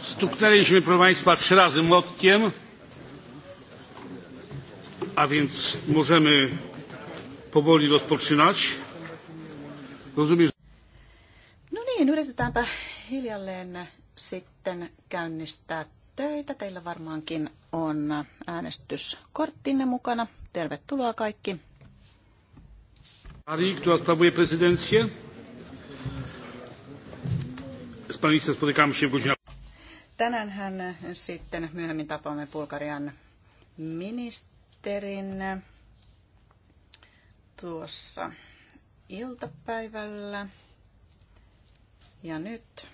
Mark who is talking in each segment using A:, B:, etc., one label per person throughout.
A: Stuknęliśmy, proszę Państwa, trzy razy młotkiem, a więc możemy powoli rozpoczynać. Rozumiem,
B: No niin, yritetäänpä hiljalleen sitten käynnistää töitä. Teillä varmaankin on äänestyskorttinne mukana. Tervetuloa kaikki.
A: Ari, która sprawuje prezydencję?
B: Tänään hän sitten myöhemmin tapaamme Bulgarian ministerin tuossa iltapäivällä. Ja nyt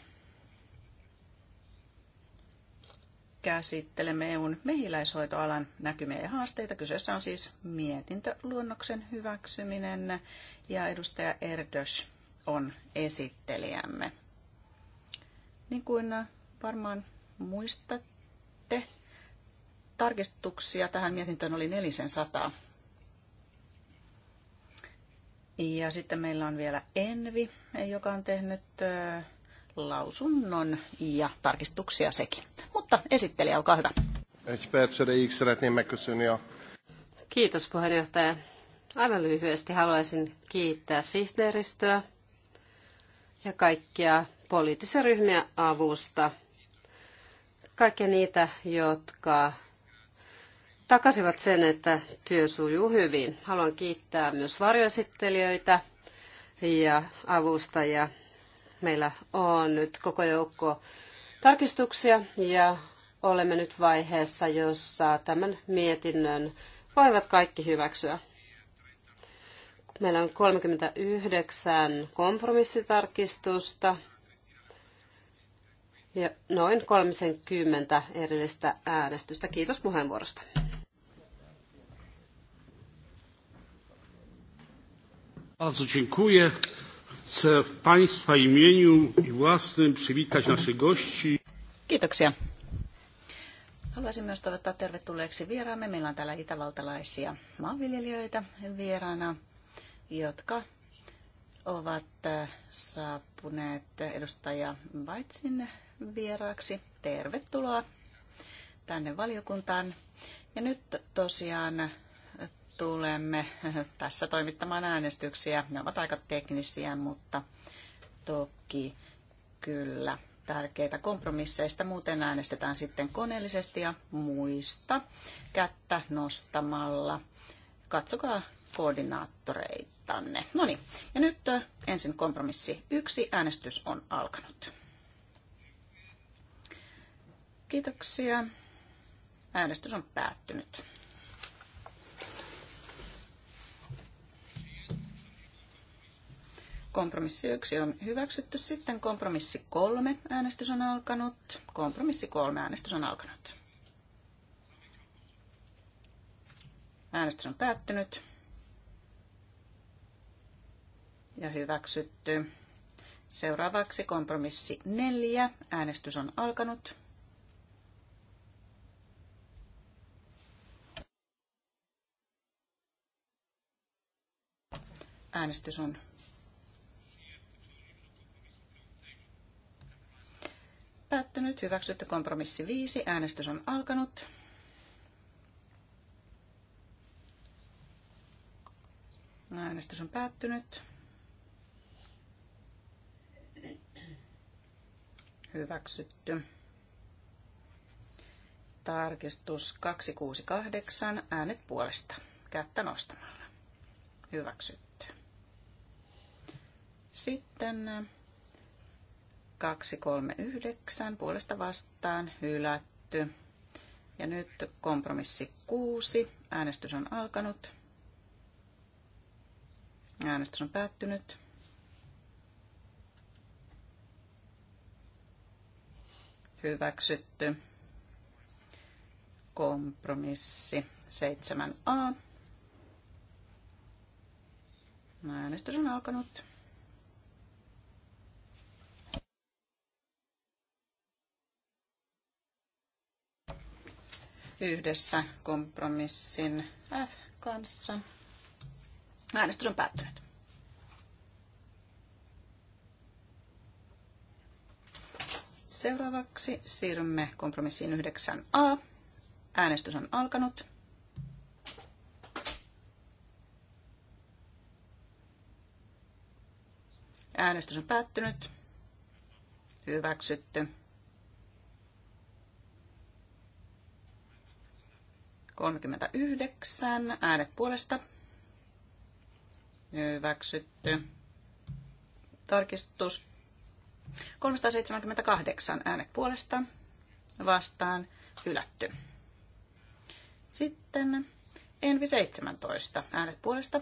B: käsittelemme EUn mehiläishoitoalan näkymiä ja haasteita. Kyseessä on siis mietintöluonnoksen hyväksyminen ja edustaja Erdös on esittelijämme. Niin kuin äh, varmaan muistatte, tarkistuksia tähän mietintöön oli 400. Ja sitten meillä on vielä Envi, joka on tehnyt äh, lausunnon ja tarkistuksia sekin. Mutta esittelijä, olkaa
A: hyvä.
C: Kiitos puheenjohtaja. Aivan lyhyesti haluaisin kiittää sihteeristöä ja kaikkia poliittisia ryhmiä avusta. Kaikkia niitä, jotka takasivat sen, että työ sujuu hyvin. Haluan kiittää myös varjoesittelijöitä ja avustajia. Meillä on nyt koko joukko tarkistuksia ja olemme nyt vaiheessa, jossa tämän mietinnön voivat kaikki hyväksyä. Meillä on 39 kompromissitarkistusta ja noin 30 erillistä äänestystä. Kiitos puheenvuorosta.
A: Bardzo dziękuję. Chcę w Państwa imieniu i własnym przywitać naszych gości. Kiitoksia.
B: Haluaisin myös toivottaa tervetulleeksi vieraamme. Meillä on täällä itävaltalaisia maanviljelijöitä vieraana, jotka ovat äh, saapuneet edustaja Vaitsin vieraaksi. Tervetuloa tänne valiokuntaan. Ja nyt tosiaan tulemme tässä toimittamaan äänestyksiä. Ne ovat aika teknisiä, mutta toki kyllä tärkeitä kompromisseista. Muuten äänestetään sitten koneellisesti ja muista kättä nostamalla. Katsokaa koordinaattoreitanne. No niin, ja nyt ensin kompromissi yksi. Äänestys on alkanut. Kiitoksia. Äänestys on päättynyt. Kompromissi 1 on hyväksytty, sitten kompromissi 3 äänestys on alkanut. Kompromissi 3 äänestys on alkanut. Äänestys on päättynyt. Ja hyväksytty. Seuraavaksi kompromissi 4. Äänestys on alkanut. Äänestys on päättynyt. Hyväksytty kompromissi 5. Äänestys on alkanut. Äänestys on päättynyt. Hyväksytty. Tarkistus 268. Äänet puolesta. Kättä nostamalla. Hyväksytty. Sitten 239 äh, puolesta vastaan hylätty. Ja nyt kompromissi 6. Äänestys on alkanut. Äänestys on päättynyt. Hyväksytty. Kompromissi 7a. Äänestys on alkanut. yhdessä kompromissin F kanssa. Äänestys on päättynyt. Seuraavaksi siirrymme kompromissiin 9a. Äänestys on alkanut. Äänestys on päättynyt. Hyväksytty. 39. Äänet puolesta. Hyväksytty. Tarkistus 378. Äänet puolesta. Vastaan. Hylätty. Sitten Envi 17. Äänet puolesta.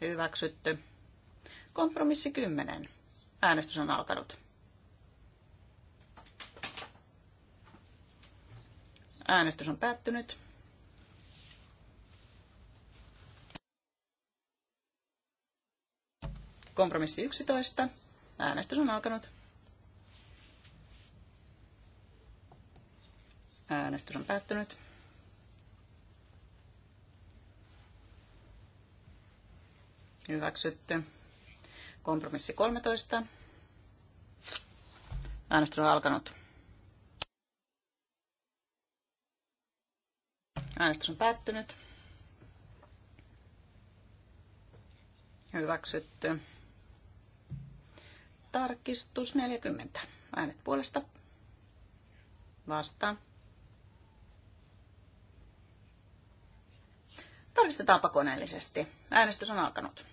B: Hyväksytty. Kompromissi 10. Äänestys on alkanut. Äänestys on päättynyt. Kompromissi 11. Äänestys on alkanut. Äänestys on päättynyt. Hyväksytty. Kompromissi 13. Äänestys on alkanut. Äänestys on päättynyt. Hyväksytty. Tarkistus 40. Äänet puolesta. Vastaan. Tarkistetaan koneellisesti. Äänestys on alkanut.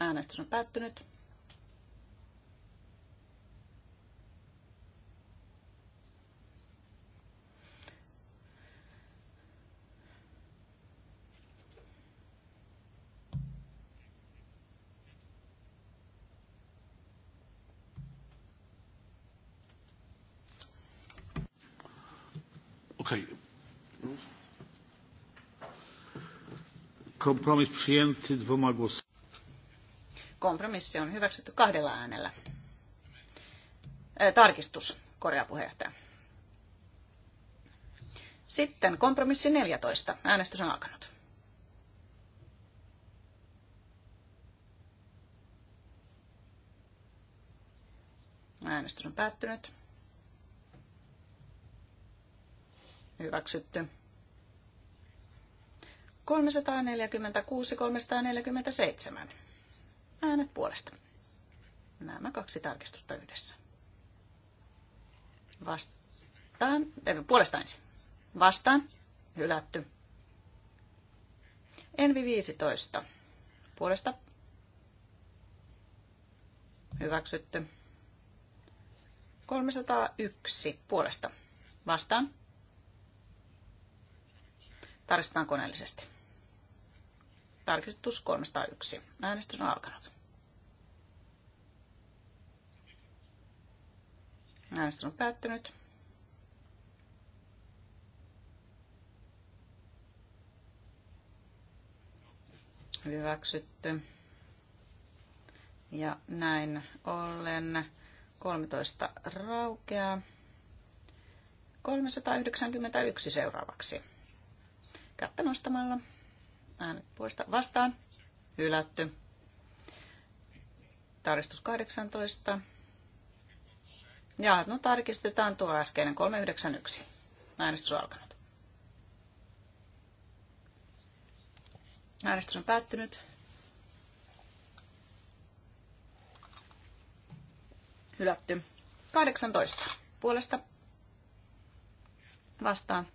B: Äänestys on päättynyt.
A: Kompromis przyjęty dwoma głosami.
B: Kompromissi on hyväksytty kahdella äänellä. Tarkistus, Korea puheenjohtaja. Sitten kompromissi 14. Äänestys on alkanut. Äänestys on päättynyt. Hyväksytty. 346, 347. Äänet puolesta. Nämä kaksi tarkistusta yhdessä. Vastaan, ei, puolesta ensin. Vastaan, hylätty. Envi 15. Puolesta hyväksytty. 301 puolesta. Vastaan. Tarkistetaan koneellisesti. Tarkistus 301. Äänestys on alkanut. Äänestys on päättynyt. Hyväksytty. Ja näin ollen 13 raukeaa. 391 seuraavaksi. Kättä nostamalla. Äänet puolesta vastaan. Hylätty. Tarkistus 18. Ja no tarkistetaan tuo äskeinen 391. Äänestys on alkanut. Äänestys on päättynyt. Hylätty. 18. Puolesta. Vastaan.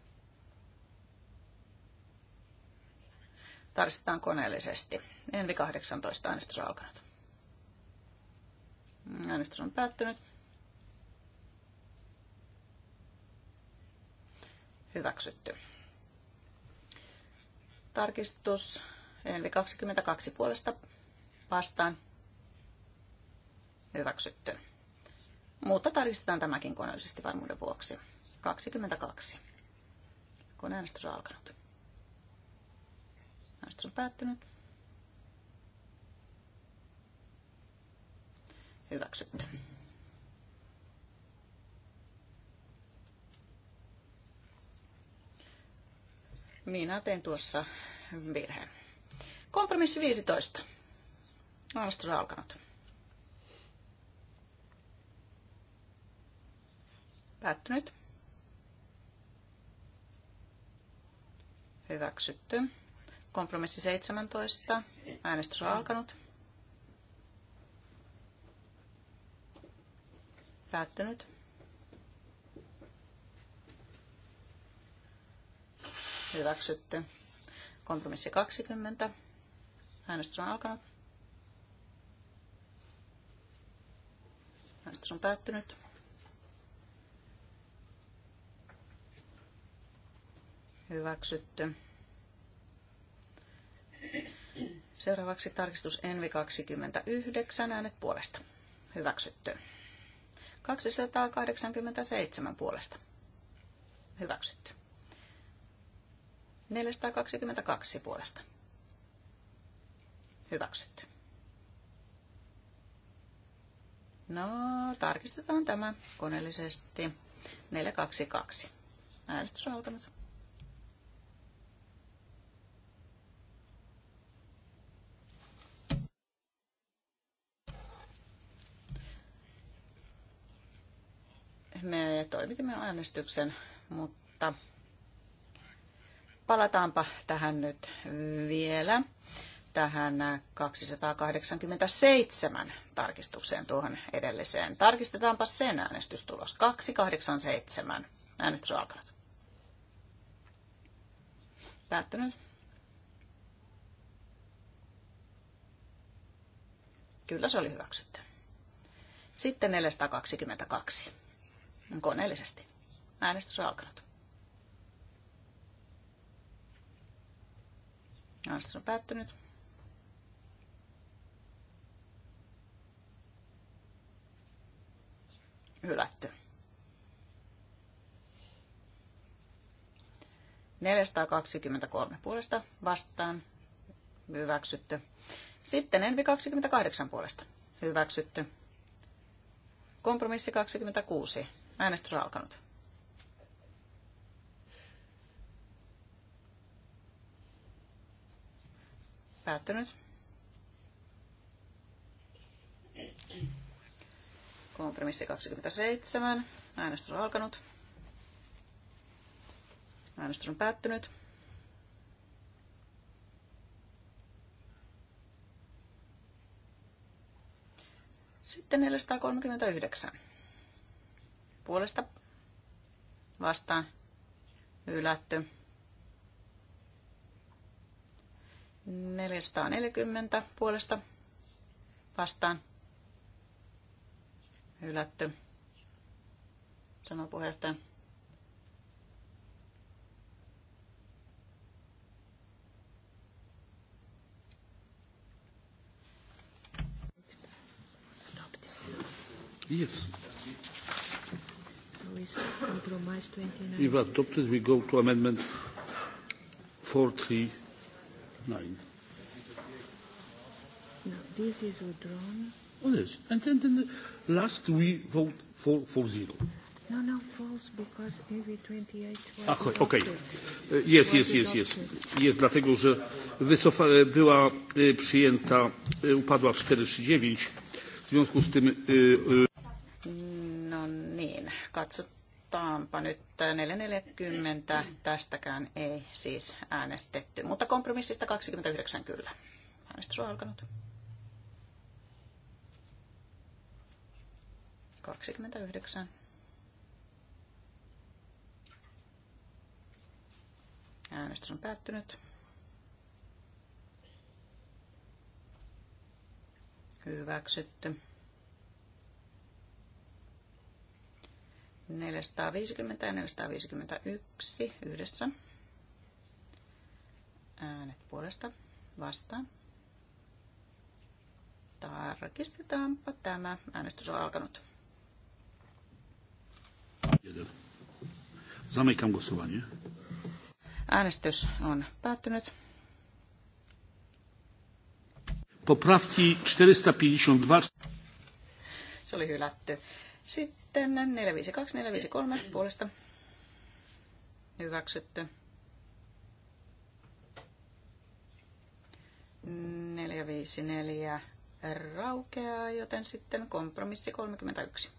B: tarkistetaan koneellisesti. Envi 18, äänestys on alkanut. Mm, äänestys on päättynyt. Hyväksytty. Tarkistus Envi 22 puolesta vastaan. Hyväksytty. Mutta tarkistetaan tämäkin koneellisesti varmuuden vuoksi. 22. Koneäänestys on alkanut. Äänestys on päättynyt. Hyväksytty. Minä teen tuossa virheen. Kompromissi 15. Äänestys on alkanut. Päättynyt. Hyväksytty. Kompromissi 17. Äänestys on alkanut. Päättynyt. Hyväksytty. Kompromissi 20. Äänestys on alkanut. Äänestys on päättynyt. Hyväksytty. Seuraavaksi tarkistus Envi 29, äänet puolesta. Hyväksytty. 287 puolesta. Hyväksytty. 422 puolesta. Hyväksytty. No, tarkistetaan tämä koneellisesti. 422. Äänestys on alkanut. me toimitimme äänestyksen, mutta palataanpa tähän nyt vielä, tähän 287 tarkistukseen tuohon edelliseen. Tarkistetaanpa sen äänestystulos. 287. Äänestys on alkanut. Päättynyt. Kyllä se oli hyväksytty. Sitten 422 koneellisesti. Äänestys on alkanut. Äänestys on päättynyt. Hylätty. 423 puolesta vastaan. Hyväksytty. Sitten Envi 28 puolesta. Hyväksytty. Kompromissi 26 Äänestys on alkanut. Päättynyt. Kompromissi 27. Äänestys on alkanut. Äänestys on päättynyt. Sitten 439 puolesta vastaan ylätty. 440 puolesta vastaan ylätty sanoi puheenjohtaja.
A: Yes.
C: Compromise 29. If
A: adopted, we go to amendment 439.
B: No, this is withdrawn. Oh, yes. And then, then
A: the last we vote 440. No, no, false, because AV28 was Ach, okay. Uh, was jest, jest, jest. Jest, dlatego, że wycofa, e, była e, przyjęta, e, upadła w 439. W związku z tym... Y, y,
B: No niin, katsot, katsotaanpa nyt 440, tästäkään ei siis äänestetty, mutta kompromissista 29 kyllä. Äänestys on alkanut. 29. Äänestys on päättynyt. Hyväksytty. 450 ja 451 yhdessä. Äänet puolesta vastaan. Tarkistetaanpa tämä. Äänestys on alkanut. Äänestys on päättynyt.
A: Poprawki 452.
B: Se oli hylätty. Sitten tänne 452, 453 puolesta hyväksytty. 454 raukeaa, joten sitten kompromissi 31.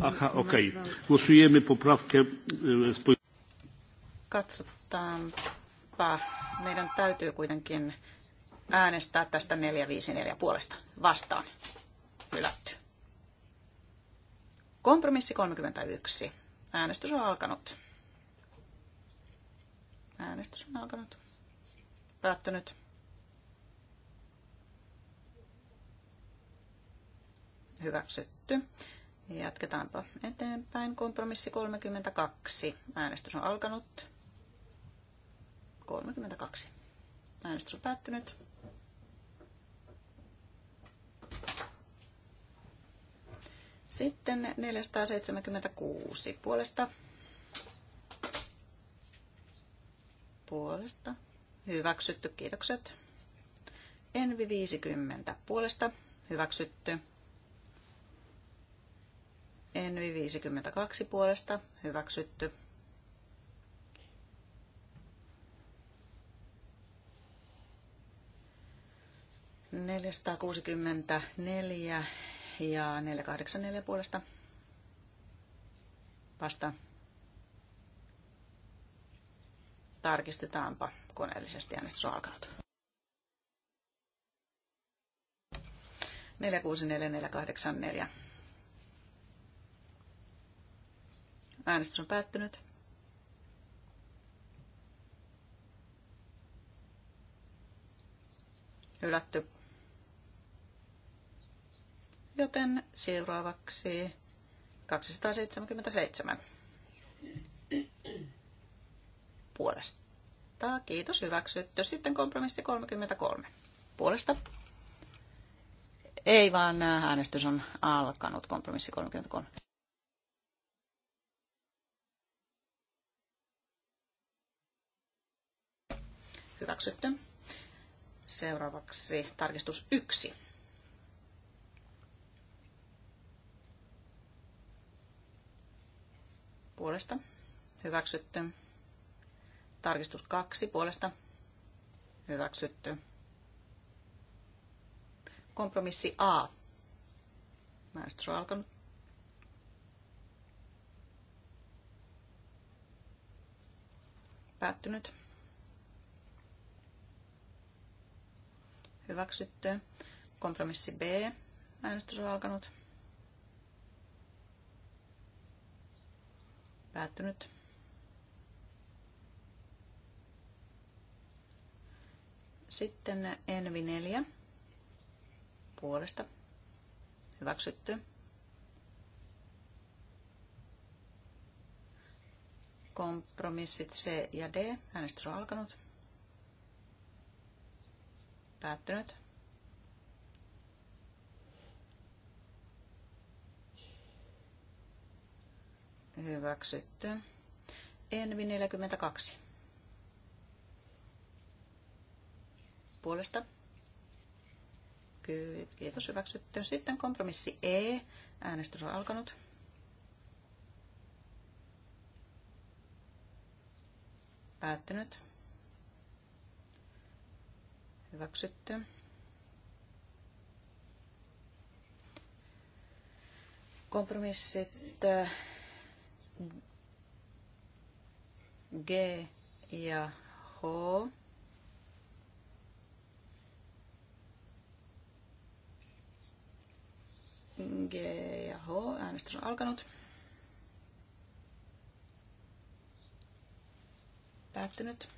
B: Aha, okei. Okay.
A: Głosujemy poprawkę. E,
B: Katsotaanpa. Meidän täytyy kuitenkin äänestää tästä 454 puolesta vastaan. Hylätty. Kompromissi 31. Äänestys on alkanut. Äänestys on alkanut. Päättynyt. Hyväksytty. Jatketaanpa eteenpäin. Kompromissi 32. Äänestys on alkanut. 32. Äänestys on päättynyt. Sitten 476 puolesta. Puolesta. Hyväksytty, kiitokset. Envi 50 puolesta. Hyväksytty. Envi 52 puolesta. Hyväksytty. 464 ja 484 puolesta vasta tarkistetaanpa koneellisesti äänestys on alkanut. 464484. Äänestys on päättynyt. Hylätty Joten seuraavaksi 277 puolesta. Kiitos, hyväksytty. Sitten kompromissi 33 puolesta. Ei vaan äänestys on alkanut, kompromissi 33. Hyväksytty. Seuraavaksi tarkistus 1 puolesta. Hyväksytty. Tarkistus 2 puolesta. Hyväksytty. Kompromissi A. maestro alkanut. Päättynyt. Hyväksytty. Kompromissi B. Äänestys on alkanut. Päättynyt. Sitten Envi 4 puolesta. Hyväksytty. Kompromissit C ja D. Äänestys on alkanut. Päättynyt. Hyväksytty. Envi 42. Puolesta. Kiitos, hyväksytty. Sitten kompromissi E. Äänestys on alkanut. Päättynyt. Hyväksytty. Kompromissit G ja H. G ja H. Äänestys on alkanut. Päättynyt.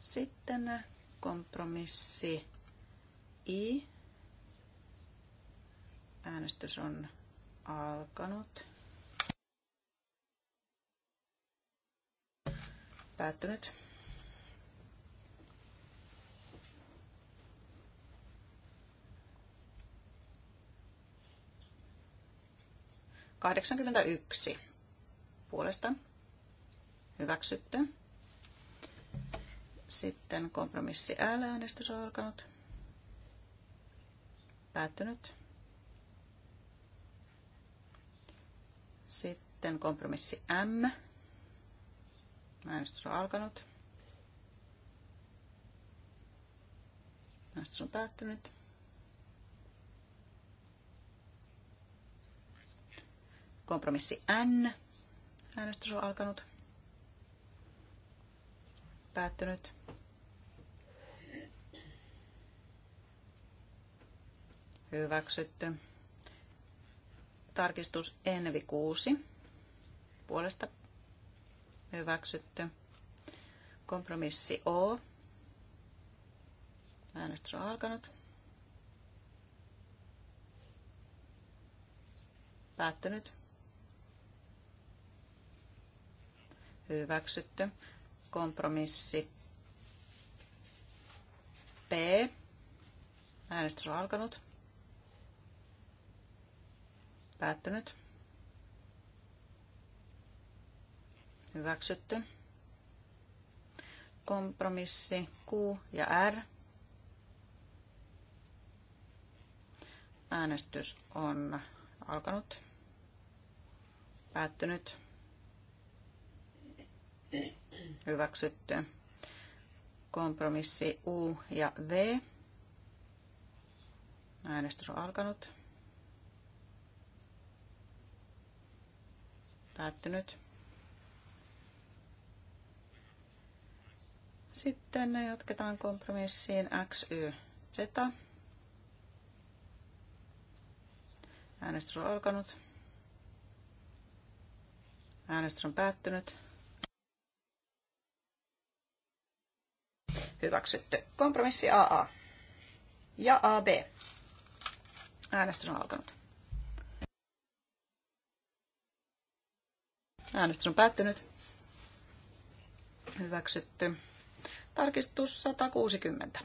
B: Sitten kompromissi I. Äänestys on alkanut. päättynyt. yksi puolesta hyväksytty. Sitten kompromissi ääneäänestys on alkanut. Päättynyt. Sitten kompromissi M Äänestys on alkanut. Äänestys on päättynyt. Kompromissi N. Äänestys on alkanut. Päättynyt. Hyväksytty. Tarkistus Envi 6. Puolesta Hyväksytty. Kompromissi O. Äänestys on alkanut. Päättynyt. Hyväksytty. Kompromissi P. Äänestys on alkanut. Päättynyt. Hyväksytty. Kompromissi Q ja R. Äänestys on alkanut. Päättynyt. Hyväksytty. Kompromissi U ja V. Äänestys on alkanut. Päättynyt. Sitten jatketaan kompromissiin Y, Z. Äänestys on alkanut. Äänestys on päättynyt. Hyväksytty. Kompromissi AA ja AB. Äänestys on alkanut. Äänestys on päättynyt. Hyväksytty. Tarkistus 160.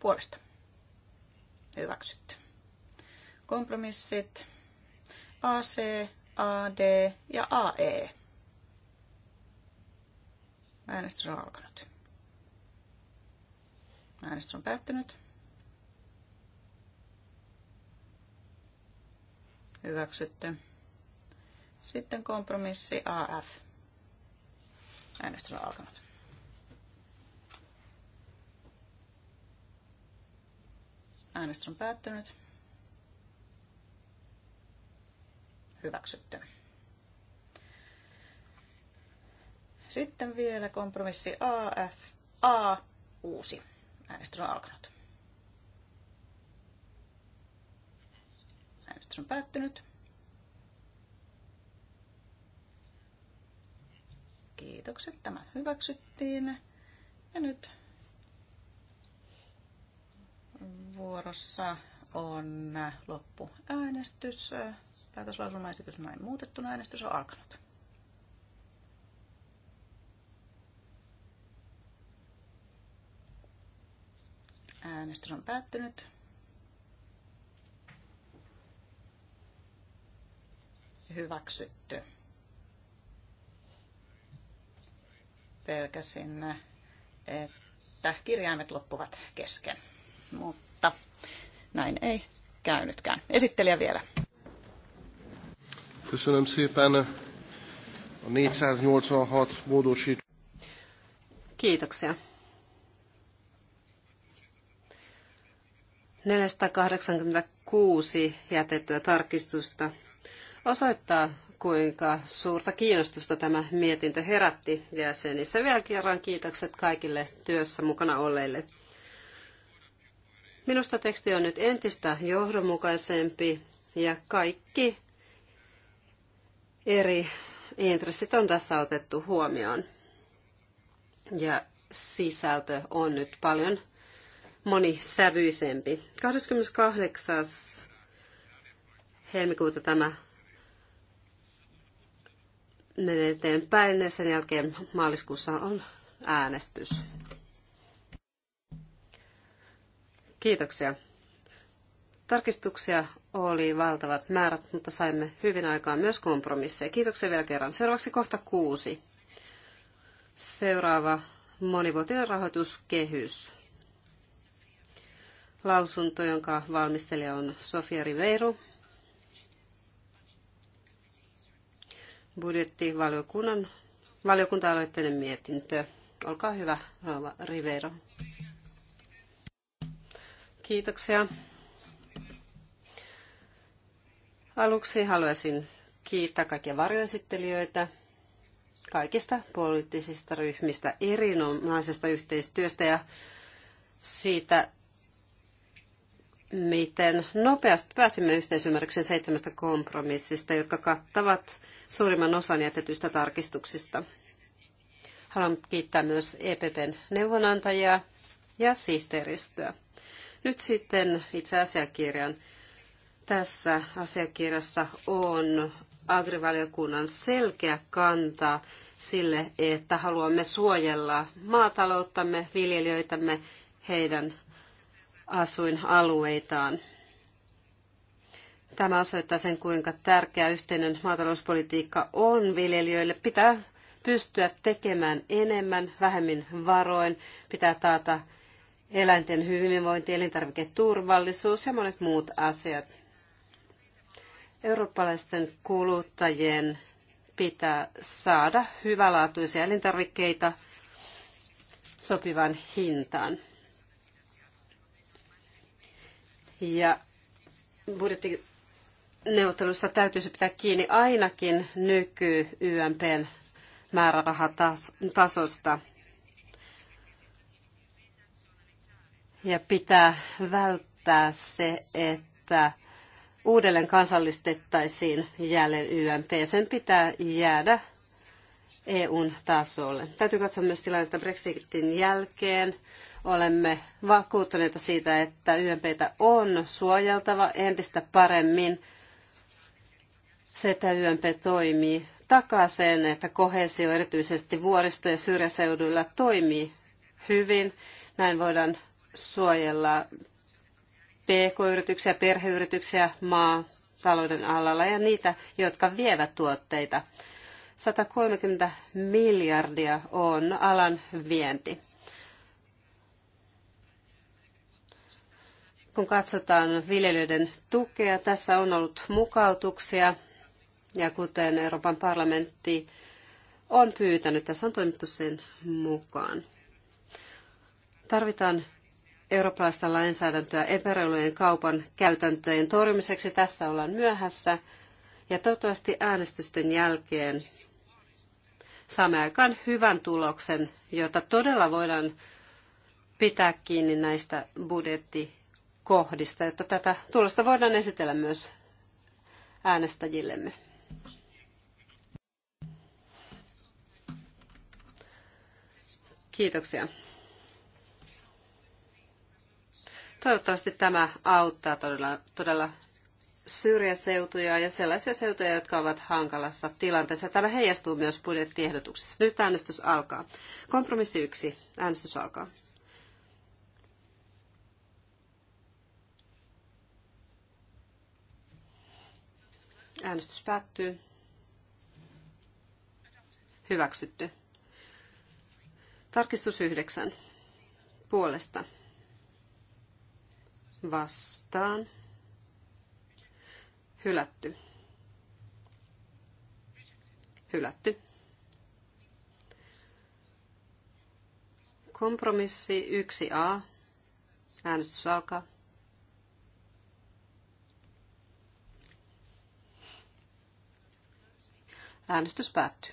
B: Puolesta. Hyväksytty. Kompromissit. AC, AD ja AE. Äänestys on alkanut. Äänestys on päättynyt. Hyväksytty. Sitten kompromissi AF. Äänestys on alkanut. Äänestys on päättynyt. Hyväksytty. Sitten vielä kompromissi AF, A, uusi. Äänestys on alkanut. Äänestys on päättynyt. Kiitokset, tämä hyväksyttiin. Ja nyt Vuorossa on loppuäänestys. Päätöslausumaesitys näin muutettuna. Äänestys on alkanut. Äänestys on päättynyt. Hyväksytty. Pelkäsin, että kirjaimet loppuvat kesken mutta näin ei käynytkään. Esittelijä vielä.
A: Köszönöm szépen a 486 módosít.
C: Kiitoksia. 486 jätettyä tarkistusta osoittaa, kuinka suurta kiinnostusta tämä mietintö herätti jäsenissä. Vielä kerran kiitokset kaikille työssä mukana olleille. Minusta teksti on nyt entistä johdonmukaisempi ja kaikki eri intressit on tässä otettu huomioon. Ja sisältö on nyt paljon monisävyisempi. 28. helmikuuta tämä menee eteenpäin ja sen jälkeen maaliskuussa on äänestys. Kiitoksia. Tarkistuksia oli valtavat määrät, mutta saimme hyvin aikaan myös kompromisseja. Kiitoksia vielä kerran. Seuraavaksi kohta kuusi. Seuraava monivuotinen rahoituskehys. Lausunto, jonka valmistelija on Sofia Riveiro. Budjettivaliokunnan valiokunta-aloitteinen mietintö. Olkaa hyvä, rouva Rivero. Kiitoksia. Aluksi haluaisin kiittää kaikkia varjoesittelijöitä kaikista poliittisista ryhmistä erinomaisesta yhteistyöstä ja siitä, miten nopeasti pääsimme yhteisymmärrykseen seitsemästä kompromissista, jotka kattavat suurimman osan jätetyistä tarkistuksista. Haluan kiittää myös EPPn neuvonantajia ja sihteeristöä. Nyt sitten itse asiakirjan. Tässä asiakirjassa on agrivaliokunnan selkeä kanta sille, että haluamme suojella maatalouttamme, viljelijöitämme, heidän asuinalueitaan. Tämä osoittaa sen, kuinka tärkeä yhteinen maatalouspolitiikka on viljelijöille. Pitää pystyä tekemään enemmän, vähemmin varoin. Pitää taata eläinten hyvinvointi, elintarviketurvallisuus ja monet muut asiat. Eurooppalaisten kuluttajien pitää saada hyvälaatuisia elintarvikkeita sopivan hintaan. Ja budjettineuvottelussa täytyisi pitää kiinni ainakin nyky-YMPn määrärahatasosta. Ja pitää välttää se, että uudelleen kansallistettaisiin jälleen YMP. Sen pitää jäädä EUn tasolle. Täytyy katsoa myös tilannetta Brexitin jälkeen. Olemme vakuuttuneita siitä, että YMPtä on suojeltava entistä paremmin. Se, että YMP toimii, takaa sen, että kohesio erityisesti vuoristo- ja syrjäseuduilla toimii hyvin. Näin voidaan suojella pk-yrityksiä, perheyrityksiä maatalouden alalla ja niitä, jotka vievät tuotteita. 130 miljardia on alan vienti. Kun katsotaan viljelijöiden tukea, tässä on ollut mukautuksia ja kuten Euroopan parlamentti on pyytänyt, tässä on toimittu sen mukaan. Tarvitaan eurooppalaista lainsäädäntöä epäreilujen kaupan käytäntöjen torjumiseksi. Tässä ollaan myöhässä ja toivottavasti äänestysten jälkeen saamme aikaan hyvän tuloksen, jota todella voidaan pitää kiinni näistä budjettikohdista, jotta tätä tulosta voidaan esitellä myös äänestäjillemme. Kiitoksia. Toivottavasti tämä auttaa todella, todella syrjäseutuja ja sellaisia seutuja, jotka ovat hankalassa tilanteessa. Tämä heijastuu myös budjettiehdotuksessa. Nyt äänestys alkaa. Kompromissi yksi. Äänestys alkaa. Äänestys päättyy. Hyväksytty. Tarkistus yhdeksän. Puolesta vastaan hylätty. Hylätty. Kompromissi 1a. Äänestys alkaa. Äänestys päättyy.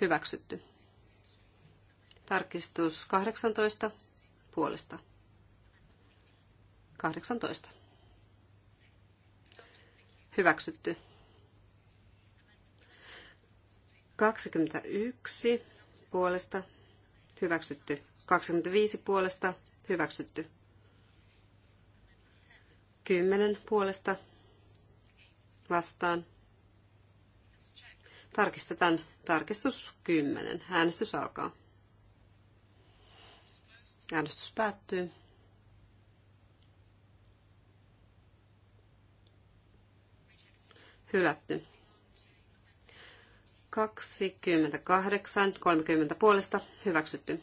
C: Hyväksytty. Tarkistus 18 puolesta. 18. Hyväksytty. 21 puolesta. Hyväksytty. 25 puolesta. Hyväksytty. 10 puolesta. Vastaan. Tarkistetaan tarkistus 10. Äänestys alkaa. Äänestys päättyy. Hylätty. 28, 30 puolesta hyväksytty.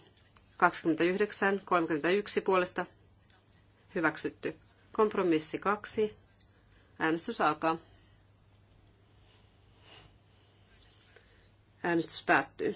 C: 29, 31 puolesta hyväksytty. Kompromissi 2. Äänestys alkaa. Äänestys päättyy.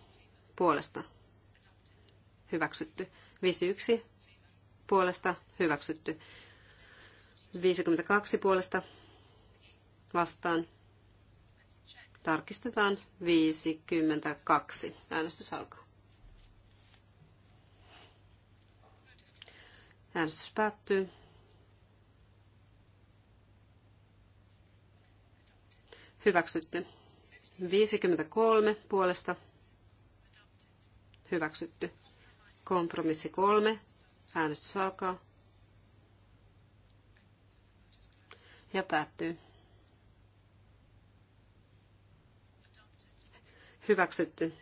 C: puolesta hyväksytty. 51 puolesta hyväksytty. 52 puolesta vastaan. Tarkistetaan 52. Äänestys alkaa. Äänestys päättyy. Hyväksytty. 53 puolesta Hyväksytty. Kompromissi kolme. Äänestys alkaa. Ja päättyy. Hyväksytty.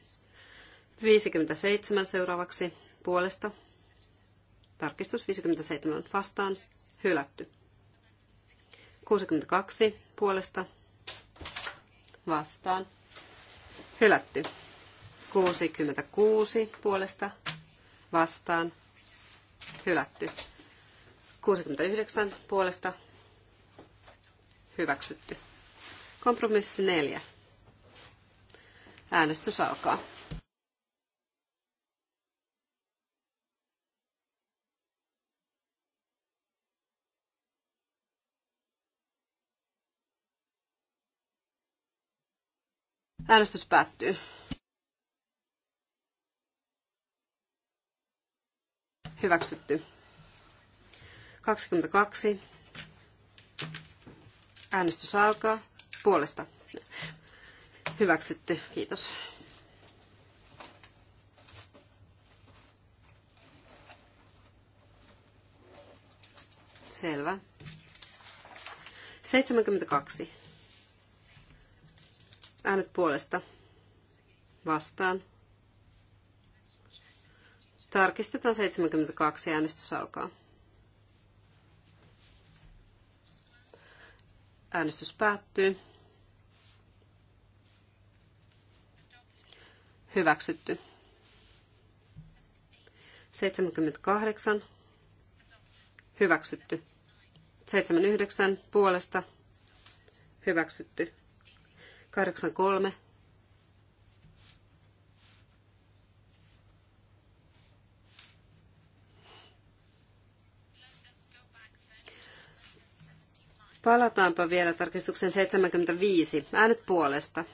C: 57 seuraavaksi puolesta. Tarkistus 57 vastaan. Hylätty. 62 puolesta vastaan. Hylätty. 66 puolesta vastaan hylätty. 69 puolesta hyväksytty. Kompromissi 4. Äänestys alkaa. Äänestys päättyy. Hyväksytty. 22. Äänestys alkaa. Puolesta. Hyväksytty. Kiitos. Selvä. 72. Äänet puolesta. Vastaan. Tarkistetaan 72. Äänestys alkaa. Äänestys päättyy. Hyväksytty. 78. Hyväksytty. 79. Puolesta. Hyväksytty. 83. Palataanpa vielä tarkistuksen 75. Äänet puolesta.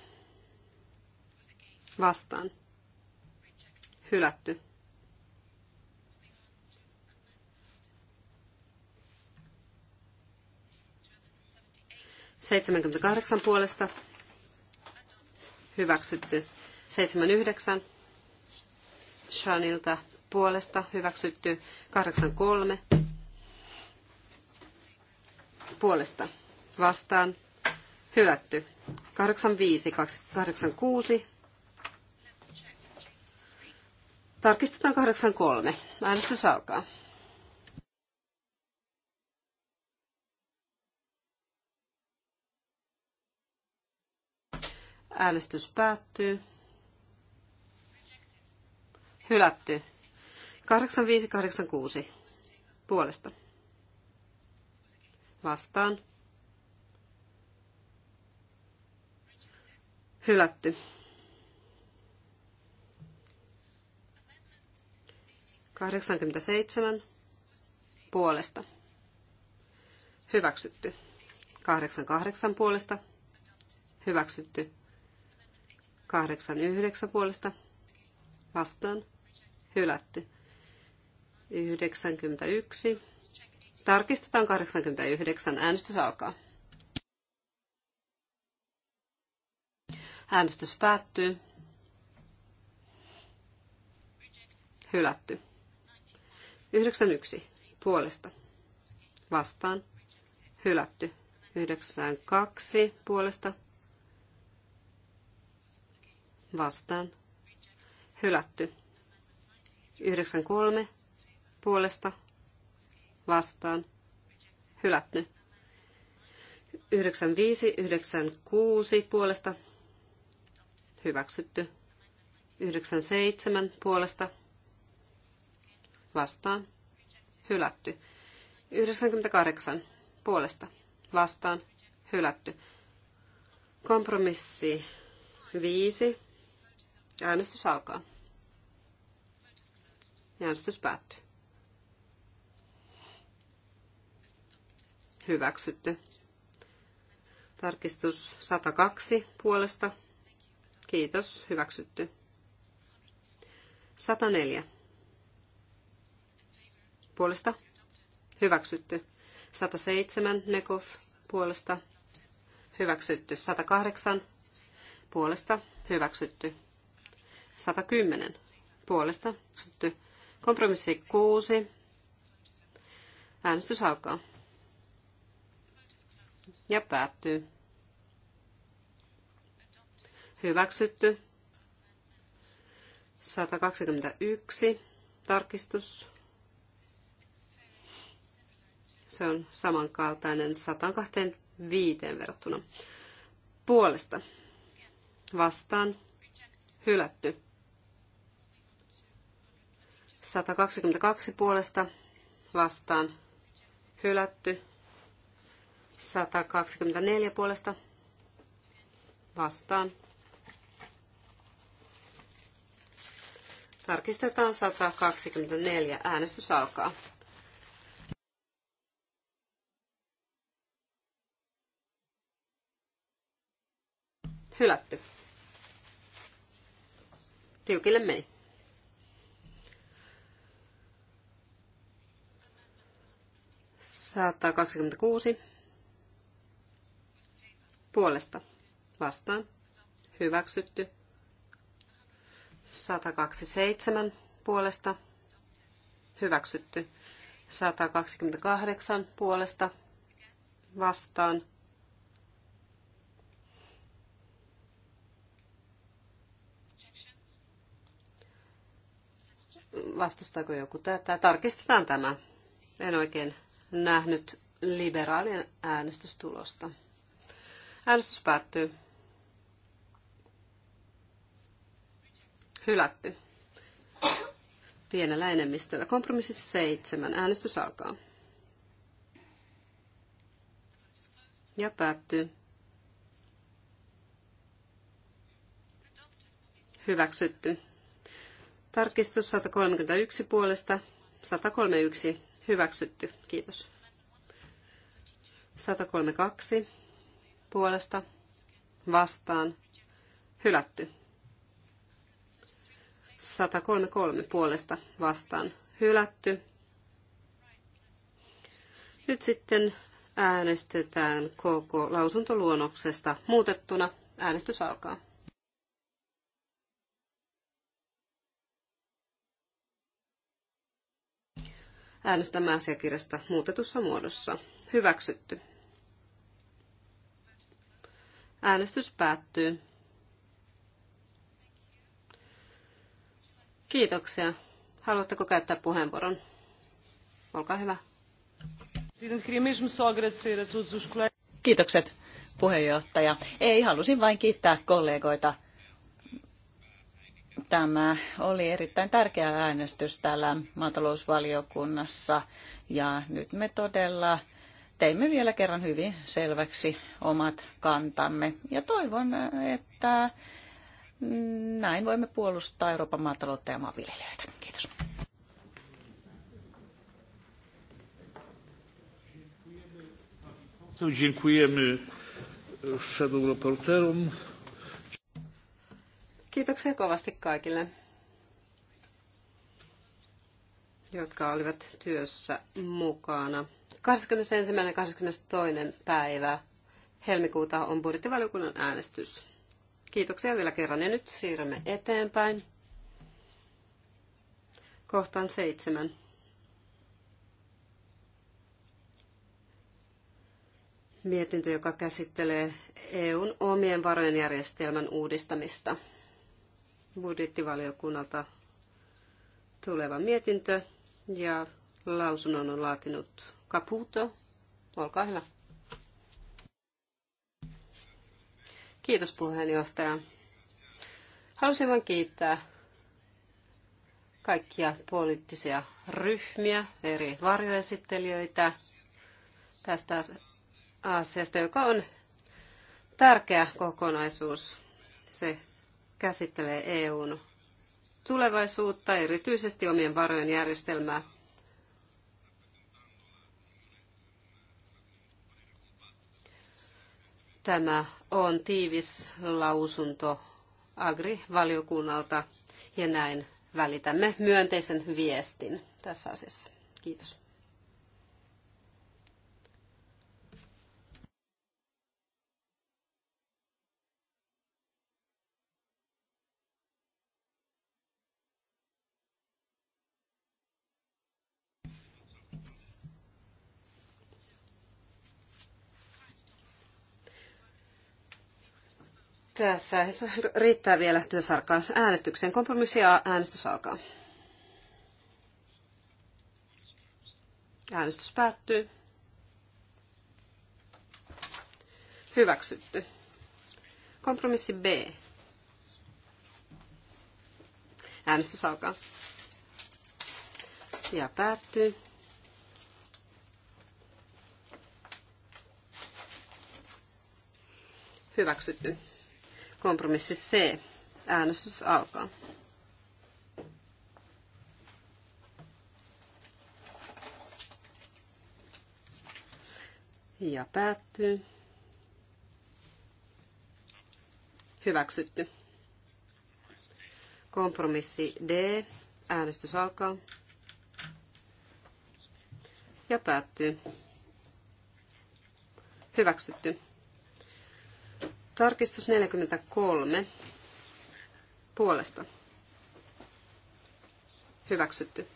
C: Vastaan. Hylätty. Seitsemänkymmentäkahdeksan puolesta. Hyväksytty. yhdeksän Shanilta puolesta hyväksytty kolme puolesta vastaan hylätty. 85, 86. Tarkistetaan 83. Äänestys alkaa. Äänestys päättyy. Hylätty. 85, 86. puolesta vastaan. Hylätty. 87 puolesta. Hyväksytty. 88 puolesta. Hyväksytty. 89 puolesta. Vastaan. Hylätty. 91 Tarkistetaan 89. Äänestys alkaa. Äänestys päättyy. Hylätty. 91. Puolesta. Vastaan. Hylätty. 92. Puolesta. Vastaan. Hylätty. 93. Puolesta vastaan hylätty. 95, 96 puolesta hyväksytty. 97 puolesta vastaan hylätty. 98 puolesta vastaan hylätty. Kompromissi 5. Äänestys alkaa. Äänestys päättyy. hyväksytty. Tarkistus 102 puolesta. Kiitos, hyväksytty. 104 puolesta. Hyväksytty. 107 Nekov puolesta. Hyväksytty. 108 puolesta. Hyväksytty. 110 puolesta. Hyväksytty. Kompromissi 6. Äänestys alkaa ja päättyy. Hyväksytty. 121 tarkistus. Se on samankaltainen 125 verrattuna. Puolesta vastaan hylätty. 122 puolesta vastaan hylätty. 124 puolesta vastaan. Tarkistetaan 124. Äänestys alkaa. Hylätty. Tiukille meni. Saattaa 26 puolesta vastaan hyväksytty. 127 puolesta hyväksytty. 128 puolesta vastaan vastustaako joku tätä. Tarkistetaan tämä. En oikein nähnyt liberaalien äänestystulosta. Äänestys päättyy. Hylätty. Pienellä enemmistöllä. Kompromissi seitsemän. Äänestys alkaa. Ja päättyy. Hyväksytty. Tarkistus 131 puolesta. 131. Hyväksytty. Kiitos. 132 puolesta vastaan hylätty. 133 puolesta vastaan hylätty. Nyt sitten äänestetään koko lausuntoluonnoksesta muutettuna. Äänestys alkaa. Äänestämme asiakirjasta muutetussa muodossa. Hyväksytty. Äänestys päättyy. Kiitoksia. Haluatteko käyttää puheenvuoron? Olkaa hyvä.
B: Kiitokset puheenjohtaja. Ei, halusin vain kiittää kollegoita. Tämä oli erittäin tärkeä äänestys täällä maatalousvaliokunnassa ja nyt me todella teimme vielä kerran hyvin selväksi omat kantamme. Ja toivon, että näin voimme puolustaa Euroopan maataloutta ja maanviljelijöitä. Kiitos.
A: E,
C: Kiitoksia kovasti kaikille, jotka olivat työssä mukana. 21. ja 22. päivä helmikuuta on budjettivaliokunnan äänestys. Kiitoksia vielä kerran ja nyt siirrymme eteenpäin. Kohtaan seitsemän. Mietintö, joka käsittelee EUn omien varojen järjestelmän uudistamista. Budjettivaliokunnalta tuleva mietintö ja lausunnon on laatinut Caputo, olkaa hyvä. Kiitos puheenjohtaja. Halusin vain kiittää kaikkia poliittisia ryhmiä, eri varjoesittelijöitä tästä asiasta, joka on tärkeä kokonaisuus. Se käsittelee EUn tulevaisuutta, erityisesti omien varojen järjestelmää Tämä on tiivis lausunto Agri-valiokunnalta ja näin välitämme myönteisen viestin tässä asiassa. Kiitos. Tässä riittää vielä työsarkaan äänestykseen. Kompromissi ja äänestys alkaa. Äänestys päättyy. Hyväksytty. Kompromissi B. Äänestys alkaa. Ja päättyy. Hyväksytty. Kompromissi C. Äänestys alkaa. Ja päättyy. Hyväksytty. Kompromissi D. Äänestys alkaa. Ja päättyy. Hyväksytty. Tarkistus 43 puolesta. Hyväksytty.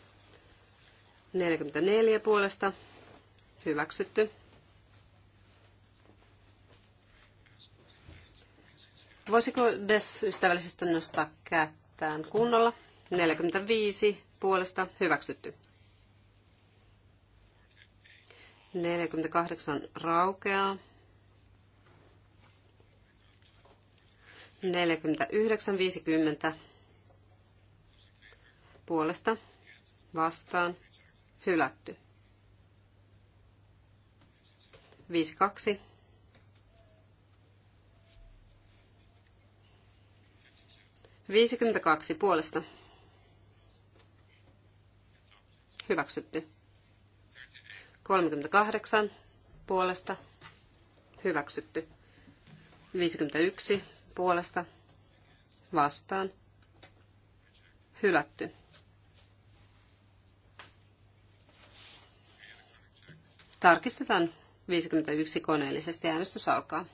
C: 44 puolesta. Hyväksytty. Voisiko Des ystävällisesti nostaa kättään kunnolla? 45 puolesta hyväksytty. 48 raukeaa. 49.50 puolesta vastaan hylätty. 52 52 puolesta. Hyväksytty. 38 puolesta. Hyväksytty. 51 puolesta vastaan hylätty. Tarkistetaan 51 koneellisesti. Äänestys alkaa.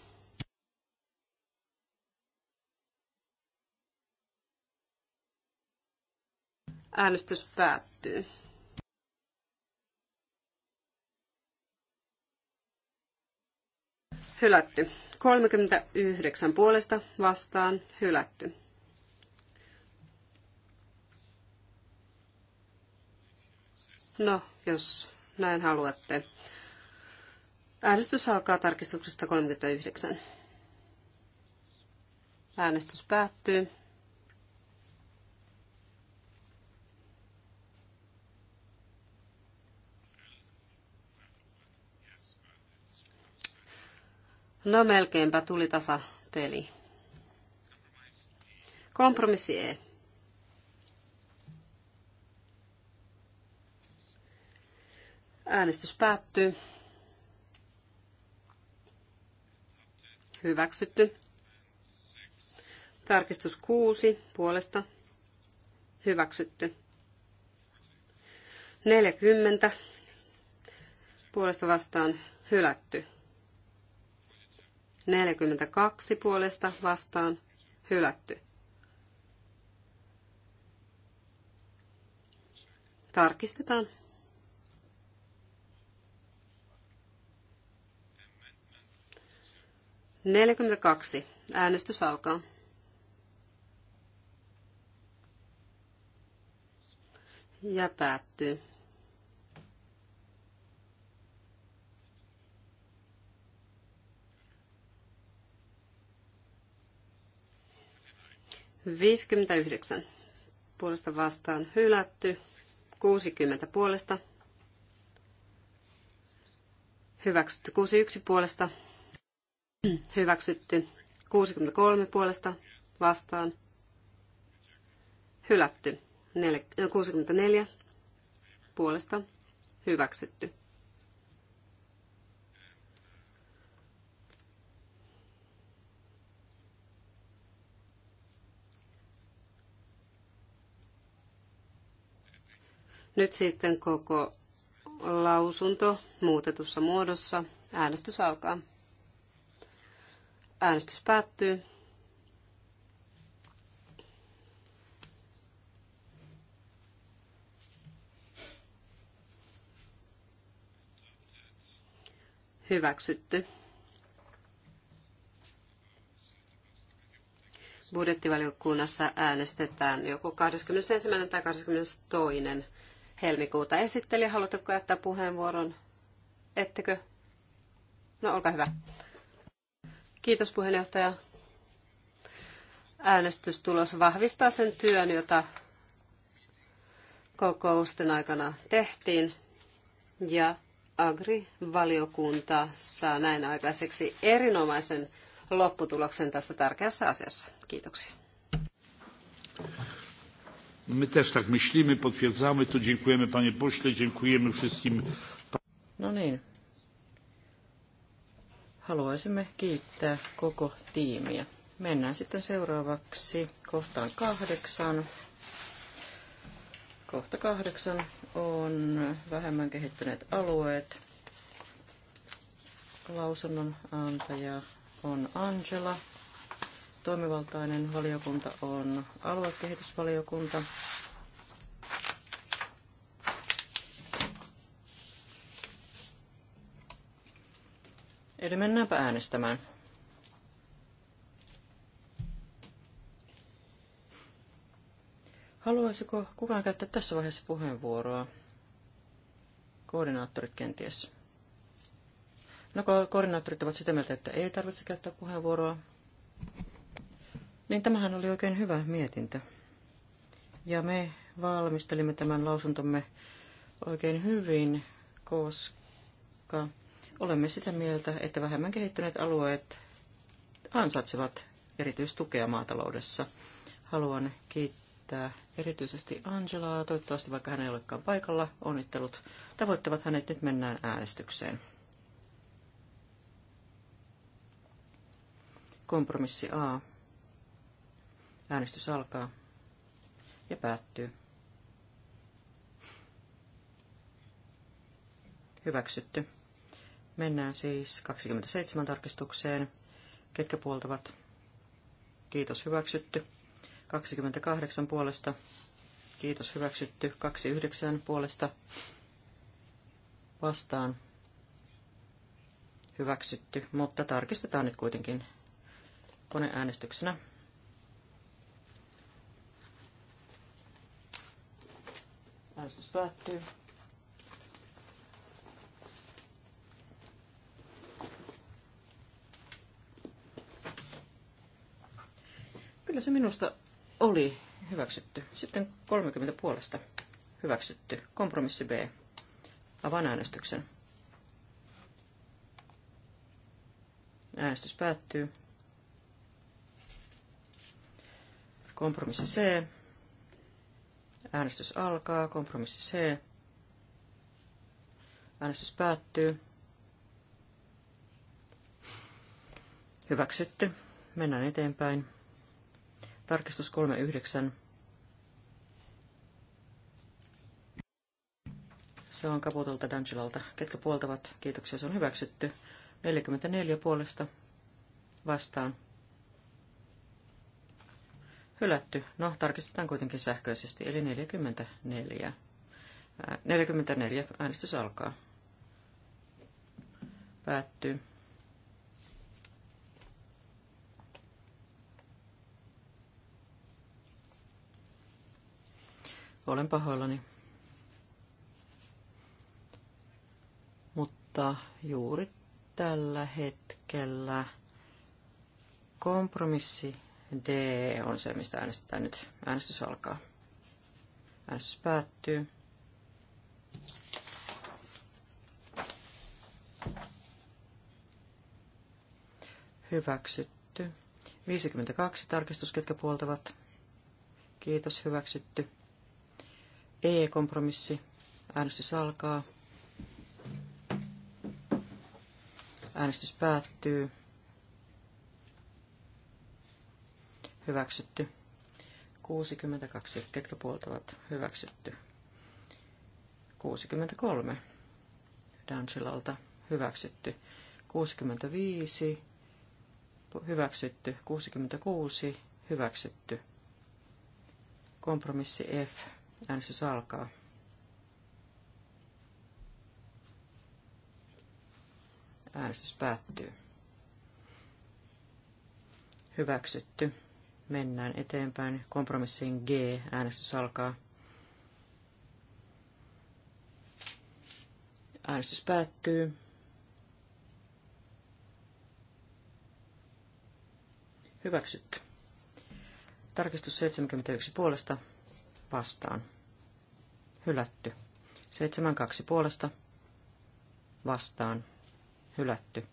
C: Äänestys päättyy. Hylätty. 39 puolesta vastaan hylätty. No, jos näin haluatte. Äänestys alkaa tarkistuksesta 39. Äänestys päättyy. No melkeinpä tuli tasa peli. Kompromissi E. Äänestys päättyy. Hyväksytty. Tarkistus 6 puolesta. Hyväksytty. 40 puolesta vastaan hylätty. 42 puolesta vastaan hylätty. Tarkistetaan. kaksi. Äänestys alkaa. Ja päättyy. 59 puolesta vastaan hylätty. 60 puolesta hyväksytty. 61 puolesta hyväksytty. 63 puolesta vastaan hylätty. 64 puolesta hyväksytty. Nyt sitten koko lausunto muutetussa muodossa. Äänestys alkaa. Äänestys päättyy. Hyväksytty. Budjettivaliokunnassa äänestetään joko 21. tai 22 helmikuuta. esitteli. haluatteko jättää puheenvuoron? Ettekö? No, olkaa hyvä. Kiitos puheenjohtaja. Äänestystulos vahvistaa sen työn, jota kokousten aikana tehtiin. Ja Agri-valiokunta saa näin aikaiseksi erinomaisen lopputuloksen tässä tärkeässä asiassa. Kiitoksia.
A: My też tak myślimy, potwierdzamy to. Dziękujemy panie pośle, dziękujemy wszystkim. No niin.
D: Haluaisimme kiittää koko tiimiä. Mennään sitten seuraavaksi kohtaan kahdeksan. Kohta kahdeksan on vähemmän kehittyneet alueet. Lausunnon antaja on Angela Toimivaltainen valiokunta on aluekehitysvaliokunta. Eli mennäänpä äänestämään. Haluaisiko kukaan käyttää tässä vaiheessa puheenvuoroa? Koordinaattorit kenties. No, ko- koordinaattorit ovat sitä mieltä, että ei tarvitse käyttää puheenvuoroa. Niin tämähän oli oikein hyvä mietintö. Ja me valmistelimme tämän lausuntomme oikein hyvin, koska olemme sitä mieltä, että vähemmän kehittyneet alueet ansaitsevat erityistukea maataloudessa. Haluan kiittää erityisesti Angelaa. Toivottavasti vaikka hän ei olekaan paikalla, onnittelut tavoittavat hänet. Nyt mennään äänestykseen. Kompromissi A Äänestys alkaa ja päättyy. Hyväksytty. Mennään siis 27 tarkistukseen. Ketkä puoltavat? Kiitos, hyväksytty. 28 puolesta. Kiitos, hyväksytty. 29 puolesta. Vastaan. Hyväksytty, mutta tarkistetaan nyt kuitenkin koneäänestyksenä. Äänestys päättyy. Kyllä se minusta oli hyväksytty. Sitten 30 puolesta hyväksytty. Kompromissi B. Avaan äänestyksen. Äänestys päättyy. Kompromissi C. Äänestys alkaa. Kompromissi C. Äänestys päättyy. Hyväksytty. Mennään eteenpäin. Tarkistus 39. Se on Kaputolta Dangelalta. Ketkä puoltavat? Kiitoksia, se on hyväksytty. 44 puolesta vastaan. Hylätty. No, tarkistetaan kuitenkin sähköisesti, eli 44. 44. Äänestys alkaa. Päättyy. Olen pahoillani. Mutta juuri tällä hetkellä kompromissi D on se, mistä äänestetään nyt. Äänestys alkaa. Äänestys päättyy. Hyväksytty. 52 tarkistus, ketkä puoltavat. Kiitos, hyväksytty. E-kompromissi. Äänestys alkaa. Äänestys päättyy. hyväksytty. 62, ketkä puoltavat, hyväksytty. 63, Dansilalta, hyväksytty. 65, hyväksytty. 66, hyväksytty. Kompromissi F, äänestys alkaa. Äänestys päättyy. Hyväksytty. Mennään eteenpäin. Kompromissiin G. Äänestys alkaa. Äänestys päättyy. Hyväksytty. Tarkistus 71 puolesta vastaan. Hylätty. 72 puolesta vastaan. Hylätty.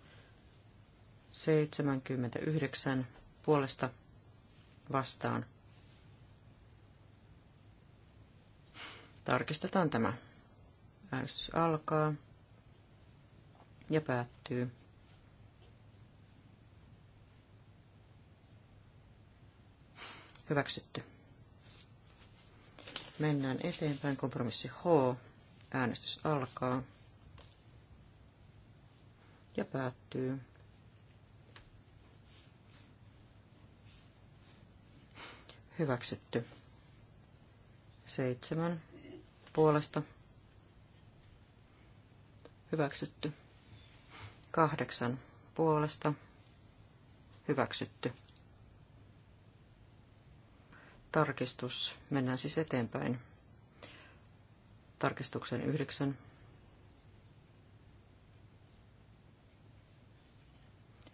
D: 79 puolesta vastaan vastaan. Tarkistetaan tämä. Äänestys alkaa ja päättyy. Hyväksytty. Mennään eteenpäin. Kompromissi H. Äänestys alkaa ja päättyy. Hyväksytty. Seitsemän puolesta. Hyväksytty. Kahdeksan puolesta. Hyväksytty. Tarkistus. Mennään siis eteenpäin. Tarkistuksen yhdeksän.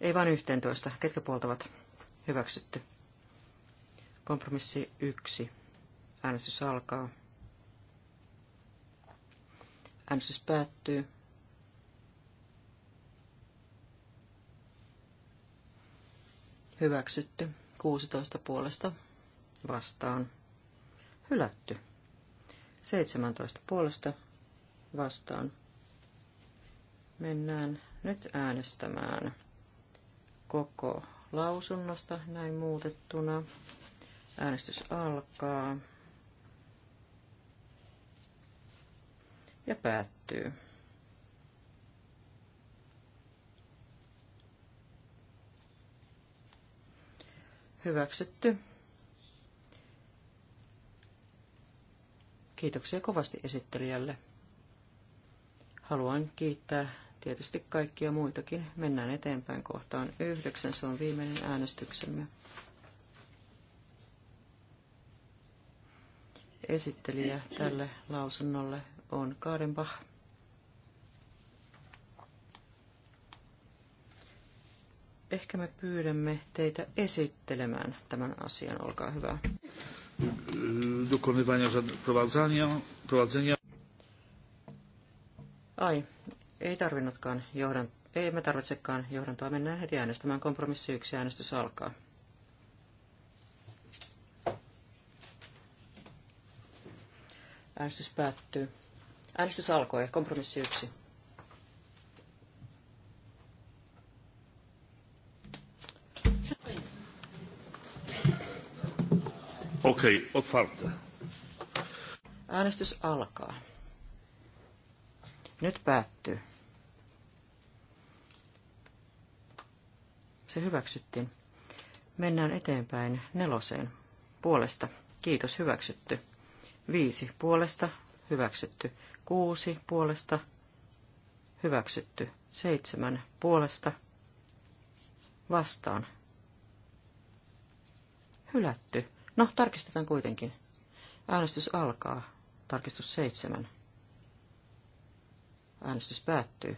D: Ei vain yhteentoista. Ketkä puoltavat? Hyväksytty. Kompromissi 1. Äänestys alkaa. Äänestys päättyy. Hyväksytty. 16 puolesta vastaan. Hylätty. 17 puolesta vastaan. Mennään nyt äänestämään koko lausunnosta näin muutettuna. Äänestys alkaa. Ja päättyy. Hyväksytty. Kiitoksia kovasti esittelijälle. Haluan kiittää tietysti kaikkia muitakin. Mennään eteenpäin kohtaan yhdeksän. Se on viimeinen äänestyksemme. esittelijä tälle lausunnolle on Kaadenbach. Ehkä me pyydämme teitä esittelemään tämän asian. Olkaa hyvä. Ai, ei tarvinnutkaan johdan, ei me tarvitsekaan johdantoa. Mennään heti äänestämään. Kompromissi yksi äänestys alkaa. Äänestys päättyy. Äänestys alkoi. Kompromissi yksi.
A: Okei, okay,
D: Äänestys alkaa. Nyt päättyy. Se hyväksyttiin. Mennään eteenpäin neloseen. Puolesta. Kiitos, hyväksytty viisi puolesta hyväksytty, kuusi puolesta hyväksytty, seitsemän puolesta vastaan hylätty. No, tarkistetaan kuitenkin. Äänestys alkaa. Tarkistus seitsemän Äänestys päättyy.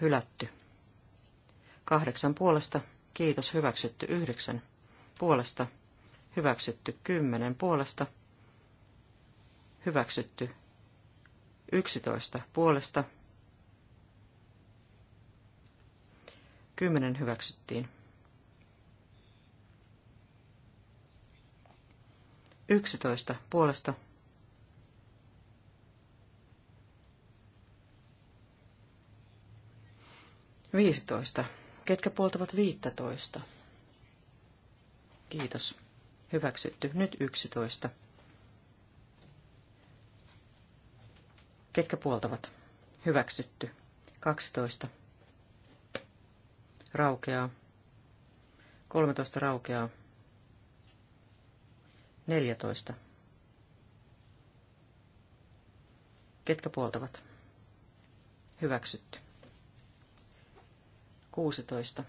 D: Hylätty. Kahdeksan puolesta kiitos, hyväksytty yhdeksän puolesta, hyväksytty kymmenen puolesta, hyväksytty yksitoista puolesta, kymmenen hyväksyttiin. Yksitoista puolesta, viisitoista Ketkä puoltavat 15? Kiitos. Hyväksytty. Nyt 11. Ketkä puoltavat? Hyväksytty. 12. Raukeaa. 13 raukeaa. 14. Ketkä puoltavat? Hyväksytty. 16.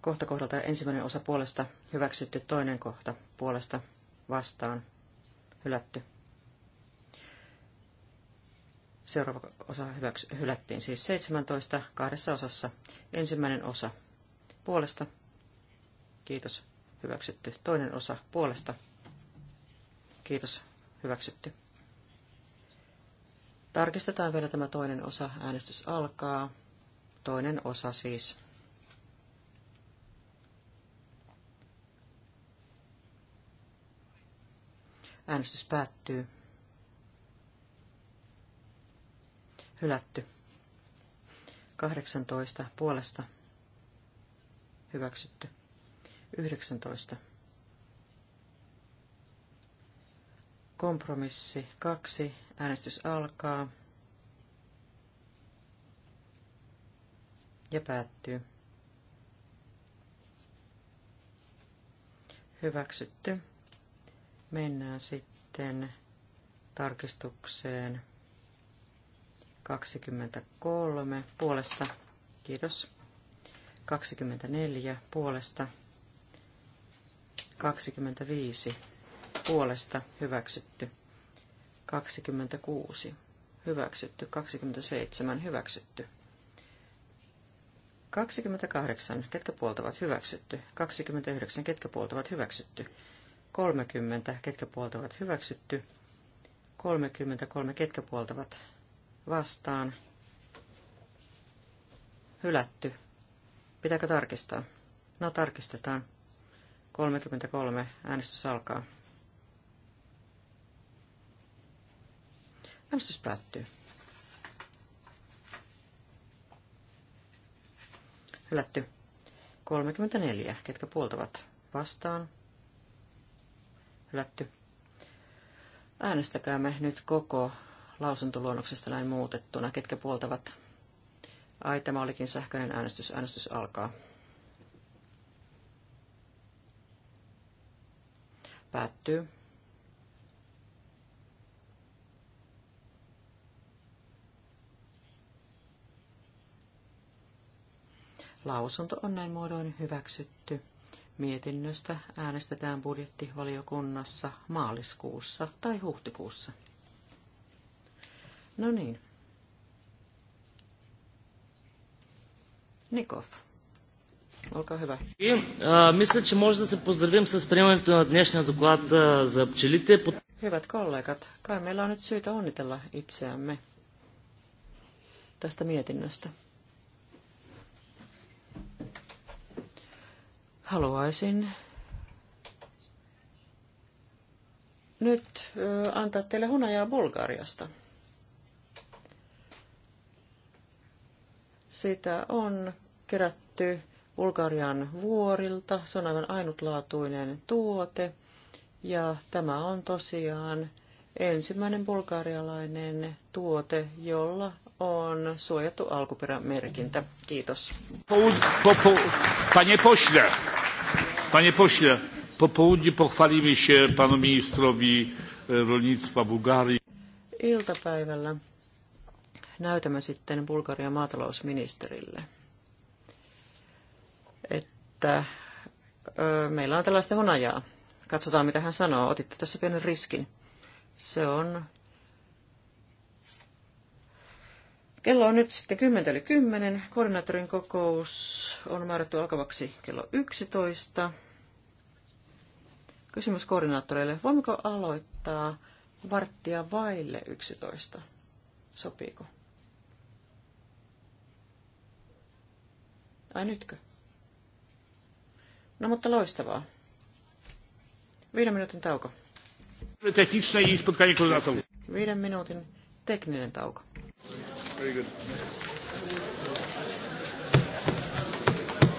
D: Kohta kohdalta ensimmäinen osa puolesta hyväksytty, toinen kohta puolesta vastaan hylätty. Seuraava osa hyväks, hylättiin siis 17 kahdessa osassa. Ensimmäinen osa puolesta. Kiitos. Hyväksytty. Toinen osa puolesta. Kiitos. Hyväksytty. Tarkistetaan vielä tämä toinen osa. Äänestys alkaa. Toinen osa siis. Äänestys päättyy. Hylätty. 18 puolesta. Hyväksytty. 19 Kompromissi kaksi. Äänestys alkaa. Ja päättyy. Hyväksytty. Mennään sitten tarkistukseen 23 puolesta. Kiitos. 24 puolesta. 25 puolesta hyväksytty. 26 hyväksytty. 27 hyväksytty. 28 ketkä puoltavat hyväksytty. 29 ketkä puoltavat hyväksytty. 30 ketkä puoltavat hyväksytty. 33 ketkä puoltavat vastaan. Hylätty. Pitääkö tarkistaa? No tarkistetaan. 33. Äänestys alkaa. spratt päättyy. Hylätty. 34. Ketkä puoltavat? Vastaan. Hylätty. Äänestäkäämme nyt koko lausuntoluonnoksesta näin muutettuna. Ketkä puoltavat? Ai, tämä olikin sähköinen äänestys. Äänestys alkaa. Päättyy. Lausunto on näin muodoin hyväksytty. Mietinnöstä äänestetään budjettivaliokunnassa maaliskuussa tai huhtikuussa. No niin. Nikov. Olkaa hyvä.
A: И, а, мисля, че поздравим с приемането на днешния доклад за пчелите.
D: Hyvät kollegat, kai meillä on nyt syytä onnitella itseämme tästä mietinnöstä. Haluaisin nyt antaa teille hunajaa Bulgariasta. Sitä on kerätty Bulgarian vuorilta. Se on aivan ainutlaatuinen tuote. Ja tämä on tosiaan ensimmäinen bulgarialainen tuote, jolla on suojattu alkuperämerkintä. Kiitos.
A: Panie pośle, Panie pośle, po południu pochwalimy się panu ministrowi e, rolnictwa Bułgarii.
D: Iltapäivällä näytämme sitten Bulgarian maatalousministerille,
A: että
D: ö, e, meillä on tällaista hunajaa. Katsotaan, mitä hän sanoo. Otitte tässä pienen riskin. Se on... Kello on nyt sitten 10 eli 10. Koordinaattorin kokous on määrätty alkavaksi kello 11. Kysymys koordinaattoreille. Voimmeko aloittaa varttia vaille 11? Sopiiko? Ai nytkö? No mutta loistavaa. Viiden minuutin tauko. Viiden minuutin tekninen tauko.
A: Very good.